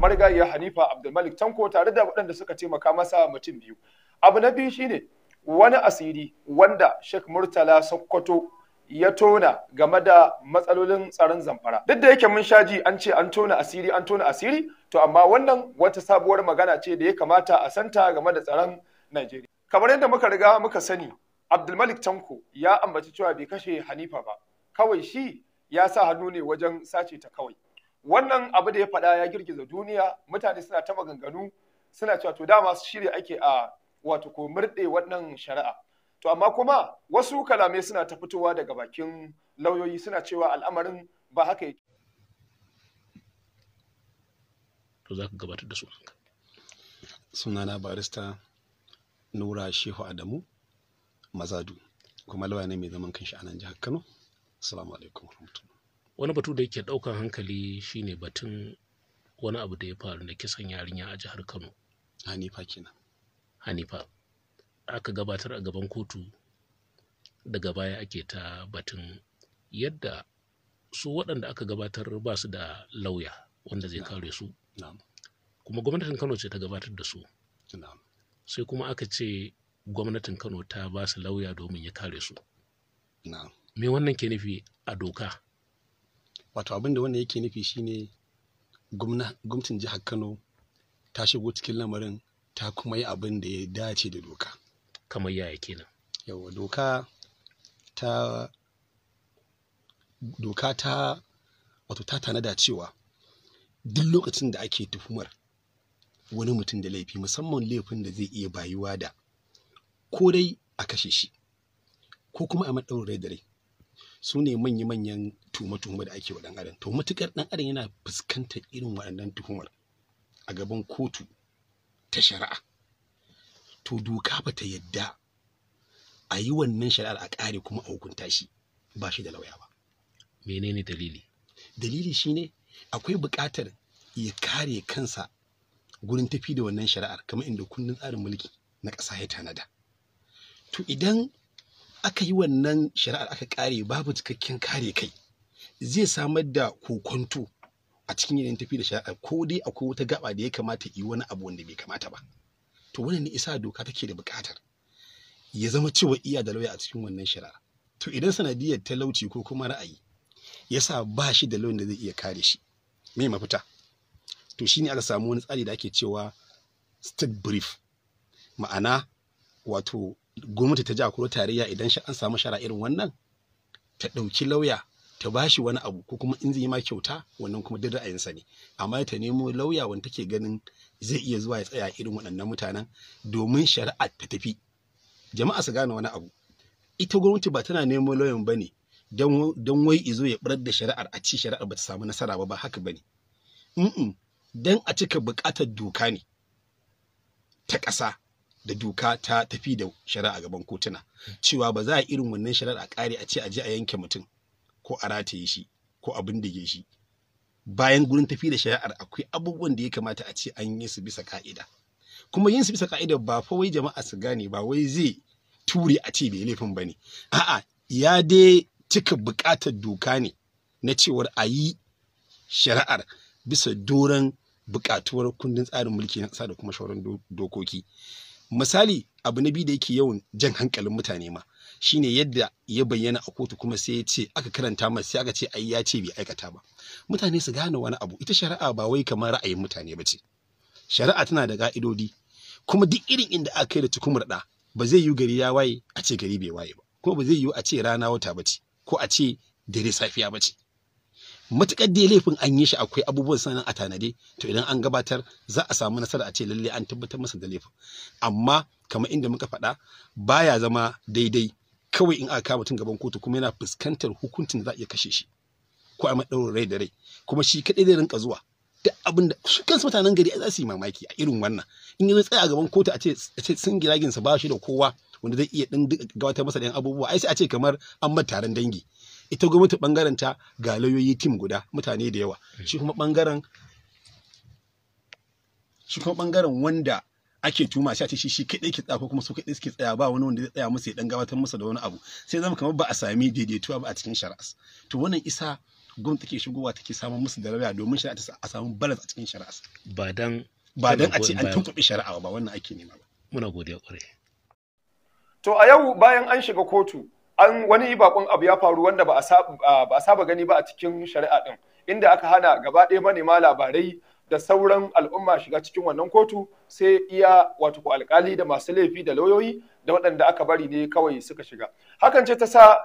marigayiya Hanifa Abdulmalik Tanko tare da waɗanda suka taimaka masa mutum biyu. Abu na biyu shine wani asiri wanda Sheikh Murtala Sokoto ya tona game da matsalolin tsaron zamfara. Duk da yake mun shaji an ce an tona asiri an tona asiri to amma wannan wata sabuwar magana ce da ya kamata a santa game da tsaron Najeriya. Kamar yadda muka riga muka sani Abdulmalik Tanko ya ambaci cewa bai kashe Hanifa ba. Kawai shi ya sa hannu ne wajen sace ta kawai. wannan abu da ya faɗa ya girgiza duniya mutane suna ta maganganu suna cewa to dama su shirya ake a wato ko murɗe wannan shari'a to amma kuma wasu kalamai suna ta fitowa daga bakin lauyoyi suna cewa al'amarin ba haka yake to za ka gabatar da su sunana barista nura shehu adamu mazadu kuma lawa ne mai zaman kanshi a nan jihar kano assalamu alaikum warahmatullahi wani batu da yake ɗaukan hankali shine batun wani abu da ya faru da kisan yarinya a jihar kano hanifa kina. hanifa aka gabatar a gaban kotu daga baya ake ta batun yadda su waɗanda aka gabatar ba su da lauya wanda zai kare su kuma gwamnatin kano ce ta gabatar da su sai kuma aka ce gwamnatin kano ta ba su lauya domin ya kare su me wannan ke nufi a doka wato abin da wannan yake nufi shine gwamnatin jihar kano ta shigo cikin lamarin ta kuma yi abin da ya dace da doka kamar yaya kenan yawa doka ta doka ta wato ta tanada cewa duk lokacin da ake tuhumar wani mutum da laifi musamman laifin da zai iya bayuwa da ko dai a kashe shi ko kuma a maɗaurin rai da rai su ne manya-manyan tuhuma-tuhuma da ake wa ɗan adam to matukar ɗan adam yana fuskantar irin waɗannan tuhumar a gaban kotu ta shari'a to doka ba ta yadda a yi wannan shari'ar a ƙare kuma a hukunta shi ba shi da lauya ba menene dalili dalili shine akwai buƙatar ya kare kansa gurin tafi da wannan shari'ar kamar inda kundin tsarin mulki na ƙasa ya tanada to idan aka yi wannan shari'ar aka kare babu cikakken kare kai zai samar da kokonto a cikin yanayin tafi da shari'a ko dai akwai wata gaba da ya kamata yi wani abu wanda bai kamata ba to wannan ne isa doka take da buƙatar ya zama cewa iya da lauya a cikin wannan shari'a to idan sanadiyar talauci ko kuma ra'ayi yasa ba shi da lauyan da zai iya kare shi me mafita to shi ne aka samu wani tsari da ake cewa state brief ma'ana wato gwamnati ta ji a tarayya idan an samu shara irin wannan ta ɗauki lauya ta ba shi wani abu ko kuma in zai yi ma kyauta wannan kuma duk ra'ayinsa ne amma ta nemo lauya wanda take ganin zai iya zuwa ya tsaya irin waɗannan mutanen domin shari'a ta tafi jama'a su gane wani abu ita gwamnati ba tana nemo lauyan ba ne don wai izo ya ɓarar da shari'ar a ci shari'ar ba ta samu nasara ba ba haka ba ne don a cika buƙatar doka ne ta ƙasa da doka ta tafi da shari'a a gaban kotuna cewa ba za a irin wannan shari'a kare a ce a je a yanke mutum ko a rataye shi ko a bindige shi bayan gurin tafi da shari'ar akwai abubuwan da ya kamata a ce an yi su bisa ka'ida kuma yin su bisa ka'ida ba fa wai jama'a su gane ba wai zai ture a ce bai laifin ba ne a'a ya dai cika buƙatar doka ne na cewar a yi shari'ar bisa doron bukatuwar kundin tsarin mulki na ƙasa da kuma shauran dokoki misali abu na biyu da yake yawan jan hankalin mutane ma shine yadda ya bayyana a kotu kuma sai ya ce aka karanta masa sai aka ce ai ya ce bai aikata ba mutane su gane wani abu ita shari'a ba wai kamar ra'ayin mutane ba ce shari'a tana da ka'idodi kuma duk irin inda aka kai da tukumar da ba zai yi gari ya waye a ce gari bai waye ba kuma ba zai yiwu a ce rana wata ba ce ko a ce dare safiya ba ce matuƙar da laifin an yi shi akwai abubuwan sanin a tanade to idan an gabatar za a samu nasara a ce lalle an tabbatar masa da laifin amma kamar inda muka faɗa baya zama daidai kawai in aka kama mutum gaban kotu kuma yana fuskantar hukuncin da za a iya kashe shi ko a maɗaurin rai da rai kuma shi kaɗai zai rinka zuwa duk abin da su kansu mutanen gari za su yi mamaki a irin wannan in ya tsaya a gaban kotu a ce sun giraginsa ba shi da kowa wanda zai iya ɗin gabatar masa da abubuwa ai sai a ce kamar an bar taron dangi ita gwamnati bangaren ta ga lauyoyi tim guda mutane da yawa shi kuma bangaren shi kuma bangaren wanda ake tuma shi a shi shi kaɗai ke tsaya ko kuma su kaɗai suke tsaya ba wani wanda zai tsaya musu ya dan gabatar musu da wani abu sai zama kamar ba a sami daidaituwa ba a cikin shari'a to wannan isa gwamnati ke shigowa take samun musu da lauya domin shari'a a samu balance a cikin shari'a ba dan ba dan a ce an tunkuɓe shari'a ba wannan ake nema ba muna godiya ƙwarai to a yau bayan an shiga kotu an wani bakon abu ya faru wanda ba a saba gani ba a cikin shari'a din inda aka hana gaba ɗaya manema labarai da sauran al'umma shiga cikin wannan kotu sai iya wato ko alkali da masu laifi da lauyoyi da waɗanda aka bari ne kawai suka shiga hakan ce ta sa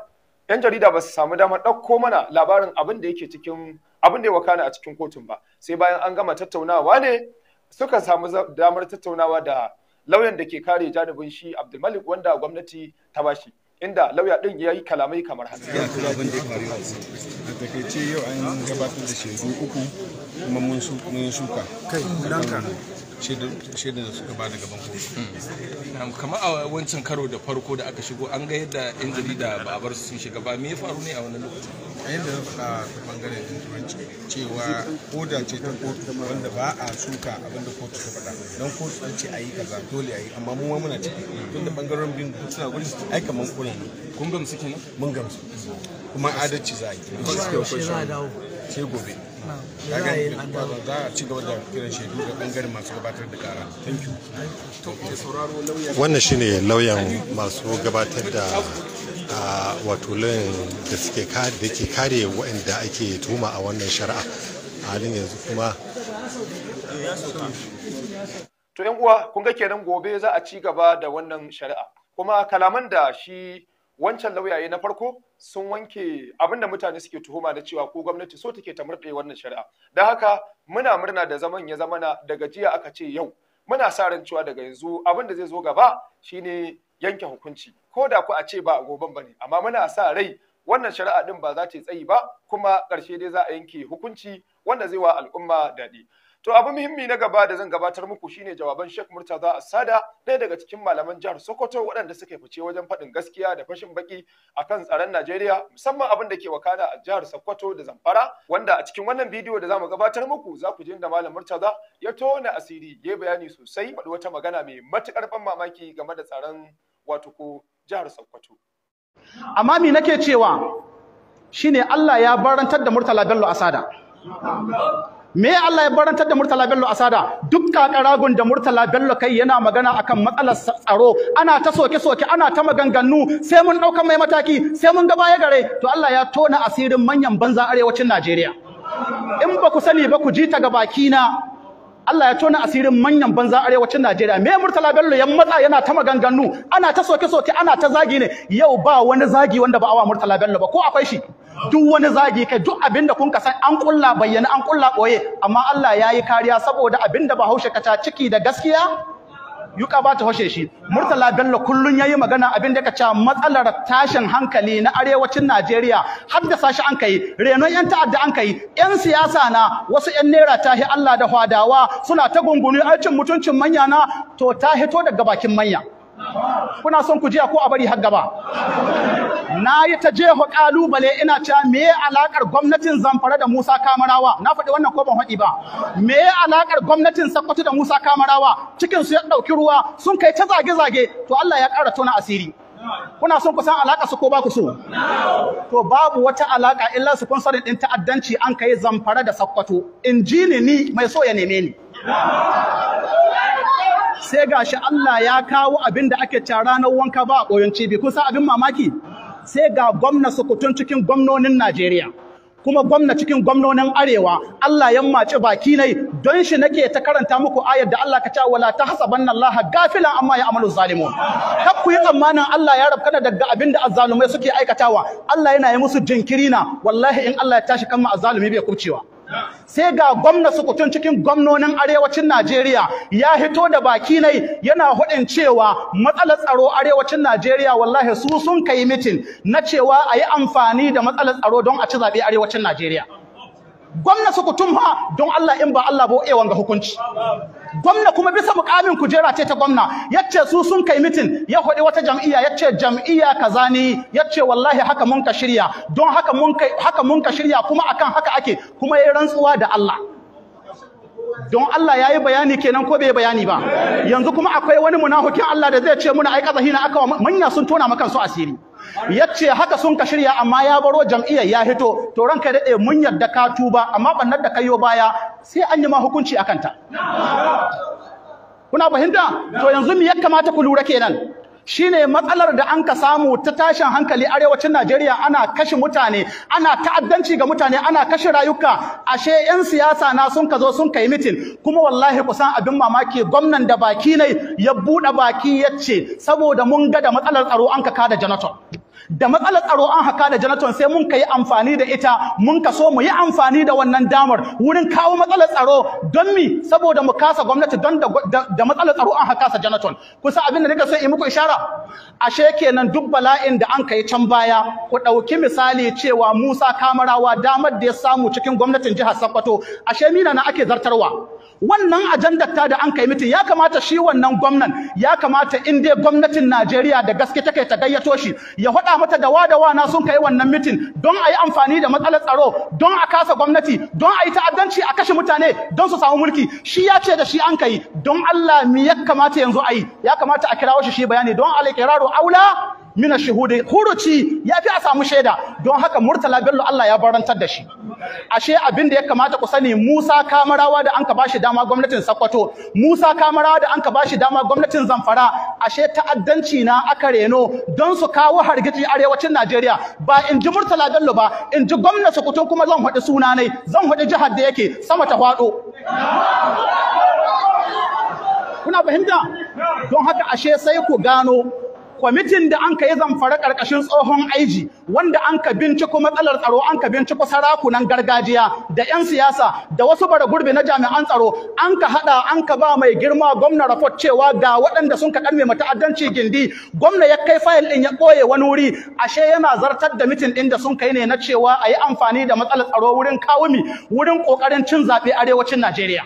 yan jarida ba su samu damar ɗauko mana labarin abin da yake cikin abin da ya wakana a cikin kotun ba sai bayan an gama tattaunawa ne suka samu damar tattaunawa da lauyan da ke kare janibin shi abdulmalik wanda gwamnati ta bashi inda lauya din ya yi kalamai kamar haka. Ya kula abin da ya faru a takaice yau an gabatar da shekaru uku kuma mun shuka. Kai, ranka. shaidun da suka bada gaban kotu kamar a wancan karo da farko da aka shigo an ga yadda yan jarida ba a bar su sun shiga ba me ya faru ne a wani lokacin a yadda na faɗa ta bangaren turanci cewa koda ce ta kotu wanda ba a suka abinda kotu ta faɗa don kotu an ce a yi kaza dole a yi amma mu ma muna ciki da bangaren bin suna gudu ai kamar kuna ne kun gamsu kenan mun gamsu kuma adalci za a yi sai gobe za a ci gaba da kiran shaidu da bangaren masu gabatar da kara wannan shine lauyan masu gabatar da wato lauyan da suke da ke kare waɗanda ake tuma a wannan shari'a halin yanzu kuma to yan uwa kun ga kenan gobe za a ci gaba da wannan shari'a kuma kalaman da shi wancan lauyaye na farko sun wanke abin da mutane suke tuhuma na cewa ko gwamnati so take ta murɗe wannan shari'a don haka muna murna da zaman ya zamana daga jiya aka ce yau muna sa ran cewa daga yanzu abin da zai zo gaba shine yanke hukunci ko da ku a ce ba a goben bane amma muna sa rai wannan shari'a din ba za ta yi tsayi ba kuma karshe dai za a yanke hukunci wanda zai wa al'umma daɗi To abu muhimmi na gaba da zan gabatar muku shine jawaban Sheikh Murtaza Asada ɗaya daga cikin malaman jihar Sokoto waɗanda suka fice wajen faɗin gaskiya da fashin baki akan tsaron Najeriya musamman abin da ke wakana a jihar Sokoto da Zamfara wanda a cikin wannan bidiyo da zamu gabatar muku za ku ji da malam Murtaza ya tona asiri ya bayani sosai faɗi wata magana mai matukar ban mamaki game da tsaron wato ko jihar Sokoto. Amma me nake cewa shine Allah ya barantar da Murtala Bello Asada. me Allah ya barantar da Murtala Bello Asada duk karagun da Murtala Bello kai yana magana akan matsalar tsaro ana ta soke soke ana ta maganganu sai mun dauka mai mataki sai mun ga baya gare to Allah ya tona asirin manyan banza arewacin Najeriya in ba ku sani ba ku ji ta ga na. Allah ya tona asirin manyan banza arewacin Najeriya me Murtala Bello ya matsa yana ta maganganu ana ta soke soke ana ta zagi ne yau ba wani zagi wanda ba awa Murtala Bello ba ko akwai shi duk wani zagi kai duk abinda kun ka san an kulla bayyana an kulla boye amma Allah ya yi kariya saboda abinda Bahaushe kaca ciki da gaskiya yuka ba ta hoshe shi murtala bello kullun yayi magana abin da kace matsalar tashin hankali na arewacin Najeriya Har da sashi an kai renon yan ta'adda an kai yan siyasa na wasu yan naira tahi Allah da hwadawa suna ta gunguni aicin mutuncin manya na to ta hito daga bakin manya kuna son ku jiya ko a bari har gaba na yi ta jeho kalubale ina cewa me ya alakar gwamnatin zamfara da musa kamarawa na faɗi wannan ko ban faɗi ba me ya alakar gwamnatin sakkwato da musa kamarawa cikin su ya ɗauki ruwa sun kai ta zage-zage to allah ya ƙara tona asiri kuna son ku san alaka su ko ba ku so to babu wata alaka illa su sponsorin din ta'addanci an kai zamfara da sakkwato injini ni mai so ya neme ni sai ga shi Allah ya kawo abin da ake ca ranar wanka ba a ɓoyon cibi kusa abin mamaki sai ga gwamna sukutun cikin gwamnonin Najeriya kuma gwamna cikin gwamnonin arewa Allah ya maci baki nai don shi nake ta karanta muku ayar da Allah ka ce wala ta tahsabanna Allah gafilan amma ya amalu zalimun kar ku yi tsammanin Allah ya rabkana daga abin da azzalumai suke aikatawa Allah yana yi musu jinkiri na wallahi in Allah ya tashi kan ma azzalumi bai kubcewa sai ga gwamna sukutun cikin gwamnonin arewacin Najeriya ya hito da baki nai yana hudin cewa matsalar tsaro arewacin Najeriya wallahi su sun kai mitin na cewa a yi amfani da matsalar tsaro don a ci zabe arewacin Najeriya gwamna ku ha don Allah in ba Allah ba ewan eh, ga hukunci gwamna kuma bisa mukamin kujera ce ta gwamna yace su sun kai mitin ya hodi wata jam'iyya yace jam'iyya kaza ne yace wallahi haka mun ka shirya don haka mun kai haka mun ka shirya kuma akan haka ake kuma yayi rantsuwa da Allah don Allah ya yi bayani kenan ko bai yi bayani ba yanzu kuma akwai wani munafikin Allah da zai ce muna ai kazahina aka manya sun tona makan su asiri yace haka sun ka shirya amma ya baro jam'iyyar ya hito to ranka dade mun yarda ka tuba amma bannar da kayo baya sai an yi ma hukunci akan ta kuna fahimta to yanzu me ya kamata ku lura kenan shine matsalar da an ka samu ta tashin hankali arewacin Najeriya ana kashe mutane ana ta'addanci ga mutane ana kashe rayuka ashe yan siyasa na sun ka zo sun kai mitin kuma wallahi kusan abin mamaki gwamnan da baki ne ya bude baki yace saboda mun ga da matsalar tsaro an ka kada janitor. da matsalar tsaro an haka da janitor sai mun kai amfani da ita mun kaso mu yi amfani da wannan damar wurin kawo matsalar tsaro don mi saboda mu kasa gwamnati don da matsalar tsaro an haka sa janitor kusa abin da nika so in muku ishara nasara ashe kenan duk bala'in da an kai can baya ku ɗauki misali cewa Musa Kamarawa damar da ya samu cikin gwamnatin jihar Sokoto ashe mina na ake zartarwa wannan ajandar ta da an kai mitin ya kamata shi wannan gwamnan ya kamata in dai gwamnatin Najeriya da gaske take ta gayyato shi ya faɗa mata da wada wana sun kai wannan mitin don a yi amfani da matsalar tsaro don a kasa gwamnati don a yi ta'addanci a kashe mutane don su samu mulki shi ya ce da shi an kai don Allah me ya kamata yanzu a yi ya kamata a kirawo shi shi bayani don alikiraru aula mina shuhudi huruci ya fi a samu shaida don haka murtala bello Allah ya barantar da shi ashe abin da ya kamata ku sani Musa Kamarawa da anka bashi dama gwamnatin Sokoto Musa Kamarawa da anka bashi dama gwamnatin Zamfara ashe ta'addanci na aka reno don su kawo hargitsi arewacin Najeriya ba in ji murtala bello ba in ji gwamnatin Sokoto kuma zan faɗi suna ne zan faɗi jihar da yake sama ta faɗo kuna fahimta don haka ashe sai ku gano kwamitin da anka yi zamfara ƙarƙashin tsohon aiji wanda anka binciko matsalar tsaro anka binciko sarakunan gargajiya da 'yan siyasa da wasu bara gurbi na jami'an tsaro anka ka haɗa an ba mai girma gwamna rafot cewa ga waɗanda sun ka mai mata'addanci ta'addanci gindi gwamna ya kai fayil ɗin ya ɓoye wani wuri ashe yana zartar da mitin ɗin da sun kai ne na cewa a yi amfani da matsalar tsaro wurin kawumi wurin ƙoƙarin cin zaɓe arewacin Najeriya.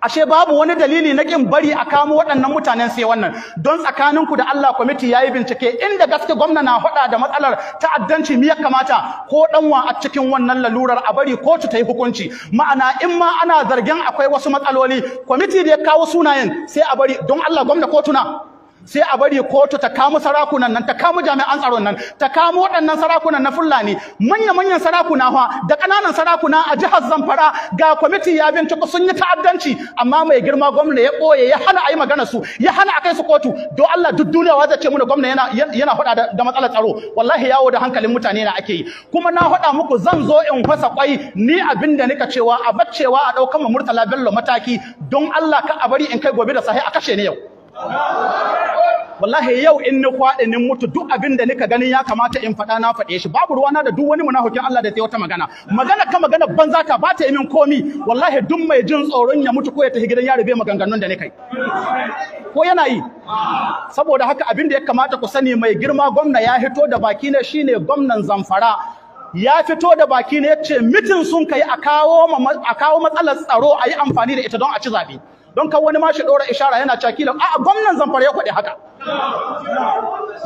ashe babu wani dalili na kin bari a kamo waɗannan mutanen sai wannan don tsakanin ku da Allah kwamiti yayi bincike inda gaske gwamna na faɗa da matsalar ta'addanci miya ya kamata ko ɗanwa a cikin wannan lalurar a bari kotu ta yi hukunci ma'ana in ma ana zargin akwai wasu matsaloli kwamiti da ya kawo sunayen sai a bari don Allah gwamna kotu sai a bari kotu ta kamu sarakunan nan ta kamu jami'an tsaron nan ta kamu waɗannan sarakunan na fulani manya manyan sarakuna fa da ƙananan sarakuna a jihar Zamfara ga kwamiti ya bincika sun yi ta'addanci amma mai girma gwamna ya ɓoye ya hana ayi magana su ya hana kai su kotu don Allah duk duniya wa zace ce gwamna yana yana da matsalar tsaro wallahi yawo da hankalin mutane na ake yi kuma na faɗa muku zan zo in fasa kwai ni abin da nika cewa a baccewa a ɗaukan Murtala Bello mataki don Allah ka a bari in kai gobe da sahi a kashe ni yau wallahi yau in ni kwaɗe ni mutu duk abin da nika ganin ya kamata in faɗa na faɗe shi babu ruwana da duk wani munafikin Allah da ta wata magana magana ka magana banza ta ba ta min komi wallahi duk mai jin tsoron ya mutu ko ya tafi gidan ya rube maganganun da nika yi ko yana yi saboda haka abin da ya kamata ku sani mai girma gwamna ya fito da baki ne shine gwamnan Zamfara ya fito da baki ne ya ce mitin sun kai a kawo matsalar tsaro a yi amfani da ita don a ci zaɓe don kan wani ma shi ɗora ishara yana cakilan a'a gwamnan zamfara ya kwaɗi haka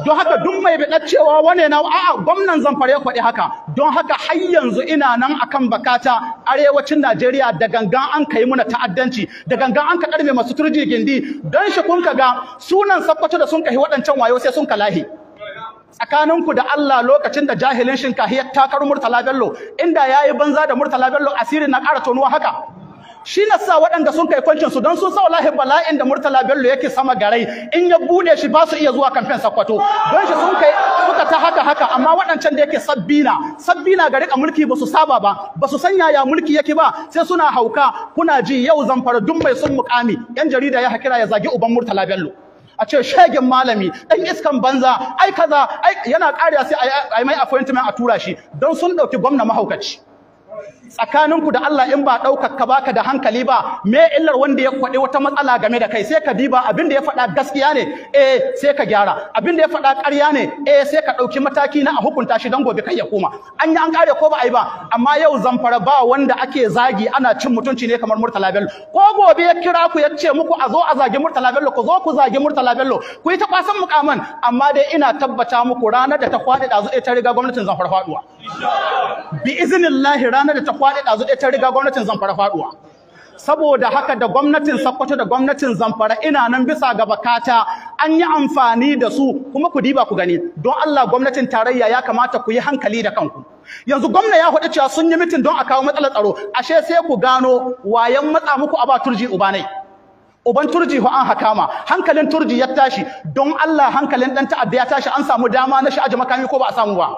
don haka duk mai biɗar cewa wane na a'a gwamnan zamfara ya kwaɗi haka don haka har yanzu ina nan akan bakata arewacin Najeriya da gangan an kai muna ta'addanci da gangan an ka karme masu turji gindi don shi kun ga sunan sabbata da sun kahi waɗancan wayo sai sun kalahi tsakaninku da Allah lokacin da jahilin shinkahiyar takarar takar Murtala Bello inda yayi banza da Murtala Bello asirin na ƙara tonuwa haka shi na sa waɗanda sun kai kwancin su don sun sa wallahi bala'in da Murtala Bello yake sama garai in ya bude shi ba su iya zuwa kamfen sakwato. don shi sun kai suka ta haka haka amma waɗancan da yake sabbina sabbina ga rika mulki ba su saba ba ba su san yaya mulki yake ba sai suna hauka kuna ji yau zamfara duk mai sun mukami yan jarida ya hakira ya zagi uban Murtala Bello a ce shegen malami ɗan iskan banza ai kaza yana ƙariya sai yi mai appointment a tura shi don sun ɗauki gwamna mahaukaci tsakaninku da Allah in ba ɗauka ka baka da hankali ba me illar wanda ya kwaɗi wata matsala game da kai sai ka diba abin da ya faɗa gaskiya ne eh sai ka gyara abin da ya faɗa ƙarya ne eh sai ka ɗauki mataki na a hukunta shi don gobe kai ya koma an yi an ƙare ko ba a yi ba amma yau zamfara ba wanda ake zagi ana cin mutunci ne kamar Murtala Bello ko gobe ya kira ku ya ce muku a zo a zagi Murtala Bello ku zo ku zagi Murtala Bello ku yi ta kwasan mukaman amma dai ina tabbata muku ranar da ta kwaɗe da ta riga gwamnatin zamfara faɗuwa bi iznillahi ranar da ta faɗi ɗazu ɗaya ta riga gwamnatin zamfara faɗuwa saboda haka da gwamnatin Sokoto da gwamnatin Zamfara ina nan bisa ga bakata an yi amfani da su kuma ku diba ku gani don Allah gwamnatin tarayya ya kamata ku yi hankali da kanku yanzu gwamna ya hudu cewa sun yi mitin don a kawo matsalar tsaro ashe sai ku gano wayan matsa muku a ba turji ubanai uban turji ho an hakama hankalin turji ya tashi don Allah hankalin ɗan ta'adda ya tashi an samu dama na sha'aje makami ko ba a samu ba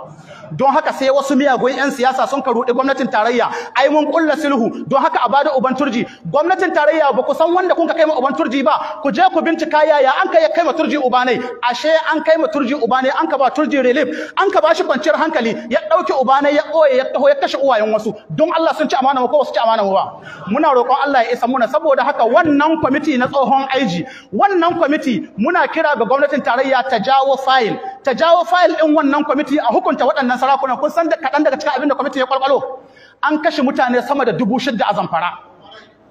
don haka sai wasu miyagun 'yan siyasa sun ka ruɗi gwamnatin tarayya ai mun kulla sulhu don haka a bada uban turji gwamnatin tarayya ba ku san wanda kun ka kai ma uban turji ba ku je ku bincika yaya an kai kai ma turji ubanai ashe an kai ma turji ubanai an ka ba turji relief an ka ba shi kwanciyar hankali ya uba ubanai ya oya ya taho ya kashe uwayen wasu don Allah sun ci amana mu ko wasu ci amana mu ba muna roƙon Allah ya isa muna saboda haka wannan kwamiti na tsohon aiji wannan kwamiti muna kira ga gwamnatin tarayya ta jawo fayil ta jawo fayil ɗin wannan kwamiti a hukunta waɗannan sarakuna kun san da kaɗan daga cikin abin da kwamiti ya ƙwalƙwalo? an kashe mutane sama da dubu shidda a zamfara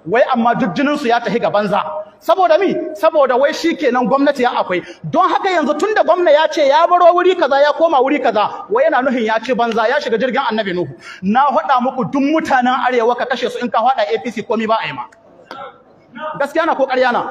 wai amma duk jininsu ya tahi ga banza saboda mi saboda wai shi kenan gwamnati ya akwai don haka yanzu tun da gwamna ya ce ya baro wuri kaza ya koma wuri kaza wai yana nuhin ya ce banza ya shiga jirgin annabi nuhu na haɗa muku duk mutanen arewa ka kashe su in ka haɗa apc komi ba a yi ma gaskiya na ko ƙarya na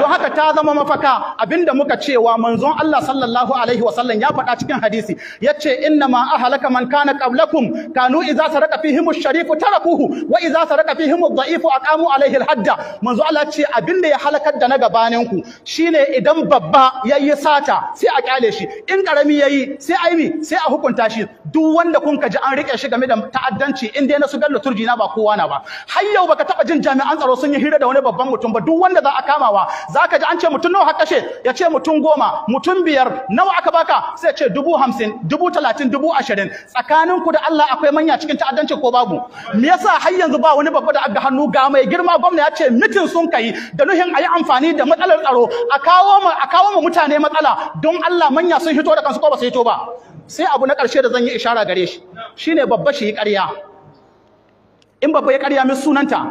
don haka ta zama mafaka abinda muka cewa manzon Allah sallallahu alaihi wasallam ya faɗa cikin hadisi yace inna ma ahlaka man kana qablakum kanu idza saraka fihim ash-sharif tarakuhu wa idza saraka fihim ad-da'if aqamu alaihi al-hadda manzon Allah ce abinda ya halakar da na gabanin ku shine idan babba yayi sata sai a kyale shi in karami yayi sai a aimi sai a hukunta shi duk wanda kun ka ji an rike shi game da ta'addanci in dai na su gallo turji na ba kowa na ba har yau baka taba jin jami'an tsaro sun yi hira da wani babba gaban mutum ba duk wanda za a kamawa zaka ji an ce mutum nawa kashe ya ce mutum goma mutum biyar nawa aka baka sai ya ce dubu hamsin dubu talatin dubu ashirin tsakanin ku da Allah akwai manya cikin ta'addanci ko babu me yasa har yanzu ba wani babba da aga hannu ga mai girma gwamna ya ce mitin sun kai da nuhin ayi amfani da matsalar tsaro a kawo ma a kawo ma mutane matsala don Allah manya sun hito da kansu ko ba su hito ba sai abu na karshe da zan yi ishara gare shi shine babba shi yi ƙarya in babba ya karya min sunanta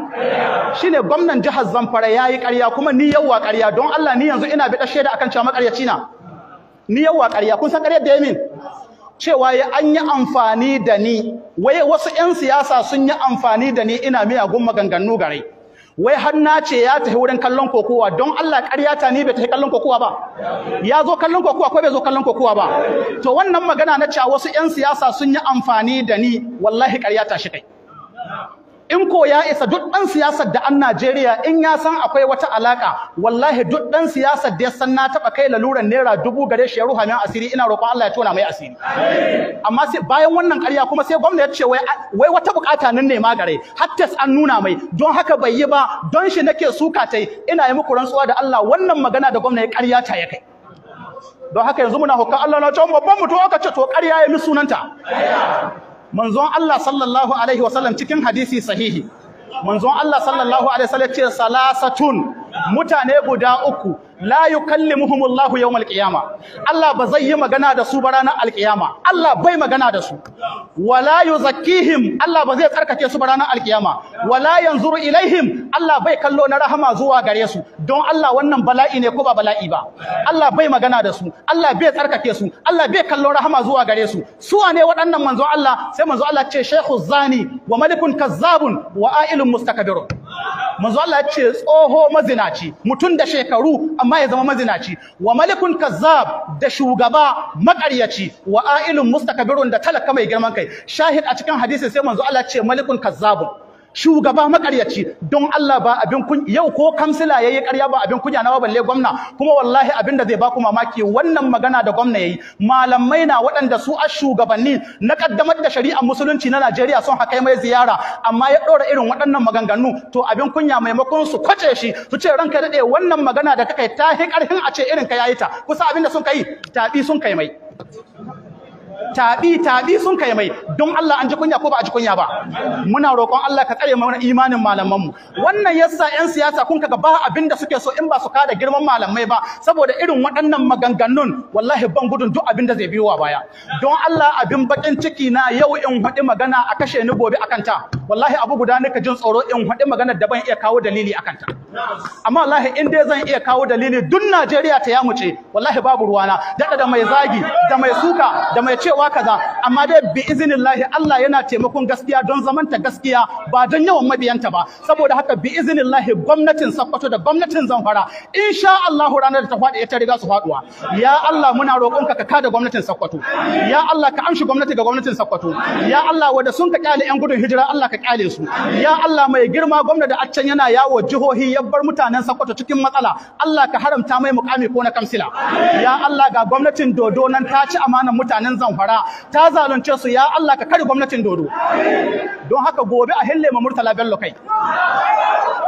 shine gwamnan jihar Zamfara yayi karya kuma ni yawa karya don Allah ni yanzu ina bida shaida akan cewa makaryaci na ni yawa karya kun san karya da yamin cewa ya an yi amfani da ni wai wasu 'yan siyasa sun yi amfani da ni ina miyagun maganganu gare wai har na ce ya tafi wurin kallon kokowa don Allah ƙarya ta ni bai tafi kallon kokowa ba ya zo kallon kokowa ko bai zo kallon kokowa ba to wannan magana na cewa wasu 'yan siyasa sun yi amfani da ni wallahi ƙarya ta shi kai in ko ya isa duk ɗan siyasar da an Najeriya in ya san akwai wata alaka wallahi duk dan siyasar da ya san na taba kai laluran naira dubu gare shi ya ruha asiri ina roƙon Allah ya tona mai asiri amma sai bayan wannan ƙarya kuma sai gwamnati ya ce wai wai wata bukata nan ne ma gare hattas an nuna mai don haka bai yi ba don shi nake suka tai ina yi muku rantsuwa da Allah wannan magana da gwamnati ƙarya ta ya kai don haka yanzu muna hukka Allah na cewa babban mutum aka ce to ƙarya ya mi sunanta manzon Allah sallallahu alaihi wasallam cikin hadisi sahihi manzon Allah sallallahu alaihi wasallam ce salasatun mutane guda uku la yukallimuhum Allahu yawmal qiyama Allah ba zai yi magana da su ba ranar alqiyama Allah bai magana da su wala yuzakkihim Allah ba zai tsarkake su ba ranar alqiyama wala yanzuru ilaihim Allah bai kallo na rahama zuwa gare su don Allah wannan bala'i ne ko ba bala'i ba Allah bai magana da su Allah bai tsarkake su Allah bai kallo rahama zuwa gare su su ne waɗannan manzo Allah sai manzo Allah ce shaykhu zani wa malikun kazzabun wa ailun mustakbirun manzo Allah ya ce tsoho mazinaci mutum da shekaru amma ya zama mazinaci wa malikun kazzab da shugaba makaryaci wa ailun mustakabirun da talaka mai girman kai shahid a cikin hadisi sai manzo Allah ya ce malikun kazzabun shugaba makaryaci don Allah ba abin kun yau ko kansila yayi ƙarya ba abin kunya nawa balle gwamna kuma wallahi abin da zai ba ku mamaki wannan magana da gwamna yayi malamai na waɗanda su a shugabanni na kaddamar da shari'ar musulunci na Najeriya sun haka mai ziyara amma ya ɗora irin waɗannan maganganu to abin kunya maimakon su kwace shi su ce ranka daɗe wannan magana da kakai ta hi ƙarfin a ce irin ka yayi ta kusa abin da sun kai taɓi sun kai mai tabi tabi sun kai mai don Allah an ji kunya ko ba a ji kunya ba muna roƙon Allah ka tsare mana imanin malaman mu wannan yasa yan siyasa kun kaga ba abin da suke so in ba su kada girman malamai ba saboda irin waɗannan maganganun wallahi ban gudun duk abin da zai biyo a baya don Allah abin bakin ciki na yau in faɗi magana a kashe ni gobe akan ta wallahi abu guda nika jin tsoro in haɗi maganar da ban iya kawo dalili akan ta amma wallahi in dai zan iya kawo dalili duk Najeriya ta yamuce wallahi babu ruwana dada da mai zagi da mai suka da mai cewa kaza amma dai bi iznillahi Allah yana taimakon gaskiya don zamanta gaskiya ba don yawan mabiyanta ba saboda haka bi iznillahi gwamnatin Sokoto da gwamnatin Zamfara insha Allah ranar da ta faɗi ita riga su faduwa ya Allah muna roƙonka ka kada gwamnatin Sokoto ya Allah ka amshi gwamnati ga gwamnatin Sokoto ya Allah wanda sun ka kyale yan gudun hijira Allah ka kyale su ya Allah mai girma gwamna da accan yana yawo jihohi ya bar mutanen Sokoto cikin matsala Allah ka haramta mai mukami ko na kamsila ya Allah ga gwamnatin Dodo nan ta ci amanar mutanen Zamfara ta zalunce su ya Allah ka kare gwamnatin Dodo don haka gobe a hille ma Murtala Bello kai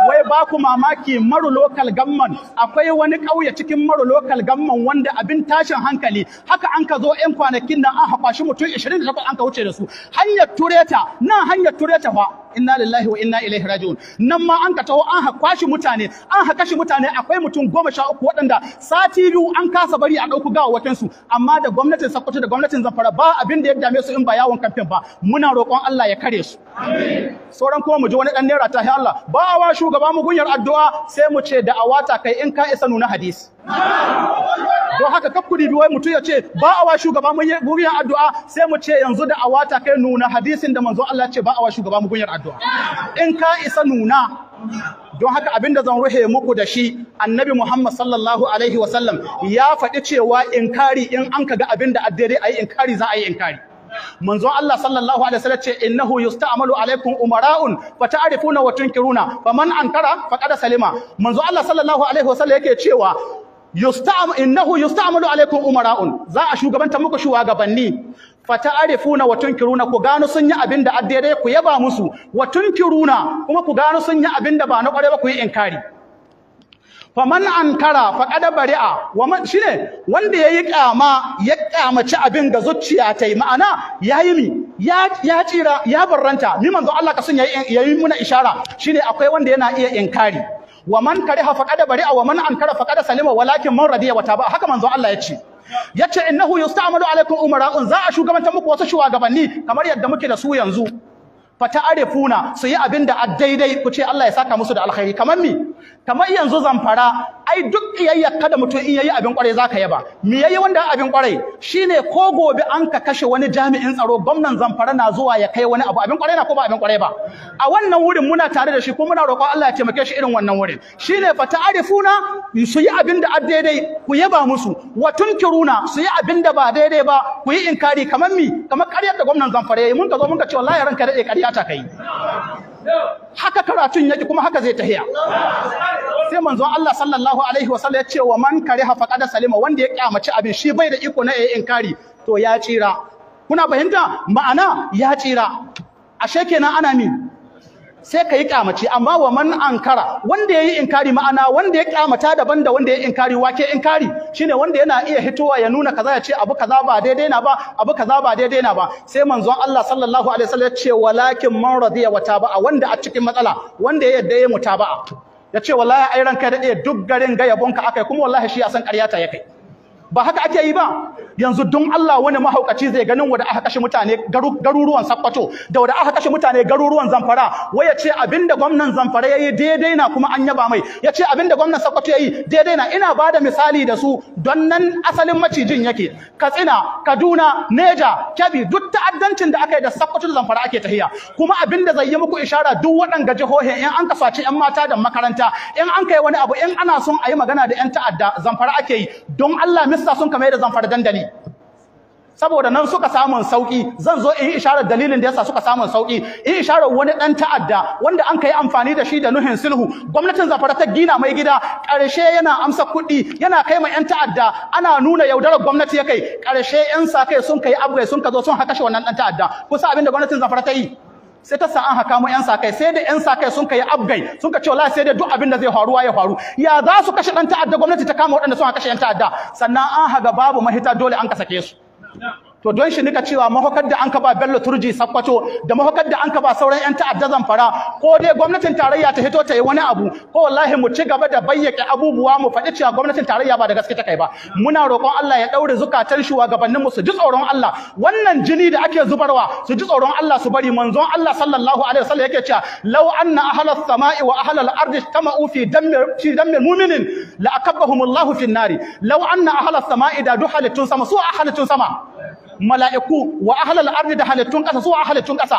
wai ba ku mamaki maru local gamman akwai wani ƙauye cikin maru local gamman wanda abin tashin hankali haka an ka zo 'yan kwanakin nan an haƙwashi mutum 28 an ka wuce da su hanyar tureta nan hanyar tureta fa inna lillahi wa inna ilaihi raji'un nan ma an ka taho an ha kwashi mutane an ha kashi mutane akwai mutum goma sha uku waɗanda sati biyu an kasa bari a ɗauku gawawakin su amma da gwamnatin Sokoto da gwamnatin Zamfara ba abin da ya dame su in ba yawon kamfen ba muna roƙon Allah ya kare su sauran kuma mu ji wani ɗan naira ta Allah ba wa shugaba mu gunyar addu'a sai mu ce da awata kai in ka isa nuna hadisi don haka kakkuri biwai mutum ya ce ba a wa shugaba gunyar addu'a sai mu ce yanzu da awata kai nuna hadisin da manzo Allah ce ba a wa shugaba gunyar addu'a addu'a in ka isa nuna don haka abinda zan ruhe muku da shi annabi Muhammad sallallahu alaihi wasallam ya faɗi cewa inkari in an ka kaga abinda addare ayi inkari za a yi inkari manzo Allah sallallahu alaihi wasallam ce innahu yusta'malu alaikum umara'un fa ta'rifuna wa tunkiruna faman ankara faqad salima manzo Allah sallallahu alaihi wasallam yake cewa yusta'am innahu yusta'malu alaikum umara'un za a shugabanta muku gabanni." fata'arifuna wa tunkiruna ku gano sun yi abin da ku yaba musu wa tunkiruna kuma ku gano sun yi abin da ba na kware ba ku yi inkari faman ankara faqada bari'a wa man shine wanda yayi kama ya kamaci abin ga zuciya ta yi ma'ana yayi mi ya ya tira ya barranta ni manzo Allah ka sun yayi yayi muna ishara shine akwai wanda yana iya inkari wa man kariha faqada bari'a wa man ankara faqada salima walakin man radiya wa taba haka manzo Allah ya ce yace innahu yusta'malu alaikum umara'un za a shugabanta muku wasu shugabanni kamar yadda muke da su yanzu fata arefuna su yi abin da daidai ku ce Allah ya saka musu da alkhairi kamar mi kamar yanzu zamfara ai duk kiyayya kada mutum in yayi abin kwarai zaka yaba me yayi wanda abin kwarai shine ko gobe an ka kashe wani jami'in tsaro gwamnan zamfara na zuwa ya kai wani abu abin kwarai na ko ba abin kwarai ba a wannan wurin muna tare da shi ko muna roƙon Allah ya taimake shi irin wannan wurin shine fa ta'arifuna su yi abin da daidai ku yaba musu wa tunkiruna su yi abin da ba daidai ba ku yi inkari kamar mi kamar ƙaryar da gwamnan zamfara yayi mun ka zo mun ka ce wallahi ranka da ƙarya ta kai haka karatun yake kuma haka zai tahiya sai manzon Allah sallallahu alaihi wasallam ya ce wa man kariha faqada salima wanda ya kyamaci abin shi bai da iko na yayin inkari to ya tsira kuna fahimta ma'ana ya tsira ashe kenan ana min sai ka yi kyamaci amma wa man ankara wanda ya yi inkari ma'ana wanda ya kyamata daban da wanda ya yi inkari wake inkari shine wanda yana iya hitowa ya nuna kaza ya ce abu kaza ba daidai na ba abu kaza ba daidai na ba sai manzon Allah sallallahu alaihi wasallam ya ce walakin man radiya wa taba'a wanda a cikin matsala wanda ya yadda ya mutaba'a ya ce wallahi ai ranka da duk garin ga yabonka akai kuma wallahi shi ya san ƙarya ta yake ba haka ake yi ba yanzu don Allah wani mahaukaci zai ganin wanda aka kashe mutane garuruwan Sakkwato da wanda aka kashe mutane garuruwan Zamfara wai ya ce abinda gwamnan Zamfara yayi daidai na kuma an yaba mai ya ce abinda gwamnan Sakkwato yi daidai na ina bada misali da su don nan asalin macijin yake Katsina Kaduna Neja Kebbi duk ta'addancin da aka yi da Sakkwato da Zamfara ake tahiya kuma abinda zai yi muku ishara duk waɗanga jihohin in an kasace 'yan mata da makaranta in an kai wani abu in ana son a yi magana da 'yan ta'adda Zamfara ake yi don Allah kirista sun kama zan zamfara dandali saboda nan suka samun sauki zan zo in yi isharar dalilin da yasa suka samun sauki in isharar wani dan ta'adda wanda an kai amfani da shi da nuhin sulhu gwamnatin zafara ta gina mai gida karshe yana amsa kuɗi yana kai ma yan ta'adda ana nuna yaudarar gwamnati ya kai karshe yan sa kai sun kai abuwa sun ka zo sun haka shi wannan dan ta'adda kusa abin da gwamnatin zafara ta yi sai ta sa an haka mu yan sakai sai da yan sakai sun yi abgai sun ka ce wallahi sai dai duk abin da zai faruwa ya faru ya za su kashe dan ta'adda gwamnati ta kama waɗanda sun kashe yan ta'adda sannan an haga babu mahita dole an ka sake su to don shi nika cewa mahokar da an ka ba Bello Turji Sakkwato da mahokar da an ka ba sauran yan ta'adda fara, ko dai gwamnatin tarayya ta hito ta yi wani abu ko wallahi mu ci gaba da bayyake abubuwa mu faɗi cewa gwamnatin tarayya ba da gaske ta kai ba muna roƙon Allah ya daure zukatan shugabannin mu su ji tsoron Allah wannan jini da ake zubarwa su ji tsoron Allah su bari manzon Allah sallallahu alaihi wasallam yake cewa law anna ahlas samai wa ahlal ardi tamau fi dammi fi dammi mu'minin la akabbahum fi an-nari law anna ahlas samai da duhalatun sama su ahlatun sama mala'iku wa ahlal ardi da halittun ƙasa su wa halittun ƙasa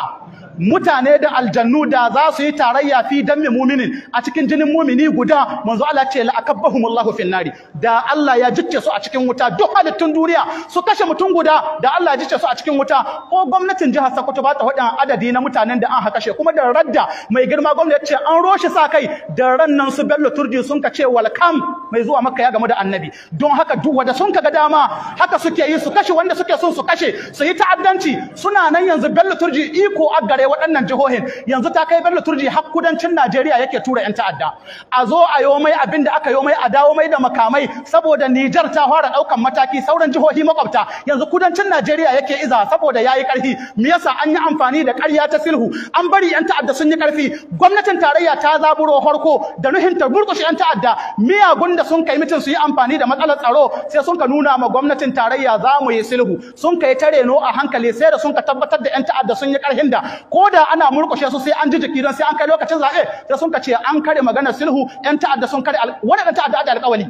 mutane da aljannu da za su yi tarayya fi dammi muminin a cikin jinin mumini guda manzo Allah ce la'akabbahumullahu fil nari da Allah ya jicce su a cikin wuta duk halittun duniya su kashe mutum guda da Allah ya jicce su a cikin wuta ko gwamnatin jihar Sokoto ba ta wadan adadi na mutanen da an haka kashe kuma da radda mai girma gwamnati ce an roshi sa kai da ran nan su Bello Turji sun ka ce welcome mai zuwa Makka ya game da Annabi don haka duk wanda sun kaga dama haka suke yi su kashe wanda suke son su kashe su yi ta'addanci suna nan yanzu Bello Turji iko a gare dai eh, waɗannan jihohin yanzu ta kai Bello Turji har kudancin Najeriya yake tura ƴan ta'adda a zo a yo mai abin da aka yo mai a dawo mai da makamai saboda Niger ta fara ɗaukan mataki sauran jihohi makwabta yanzu kudancin Najeriya yake iza saboda yayi ƙarfi, me yasa an yi amfani da ƙarya ta silhu an bari ƴan ta'adda sun yi ƙarfi. gwamnatin tarayya ta zaburo harko da nuhin ta burkushe yan ta'adda miyagun da sun kai mutum su yi amfani da matsalar tsaro sai sun ka nuna ma gwamnatin tarayya za mu yi silhu sun kai no a hankali sai da sun ka tabbatar da yan ta'adda sun yi karhin da ko da ana murƙushe su sai an ji jiki don sai an kai lokacin zaɓe sai sun kace an kare magana sulhu ƴan ta'adda sun kare waɗannan ta'adda da alƙawali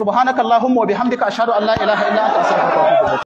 subhanakallahumma wa bihamdika ashhadu an la ilaha illa anta astaghfiruka wa atubu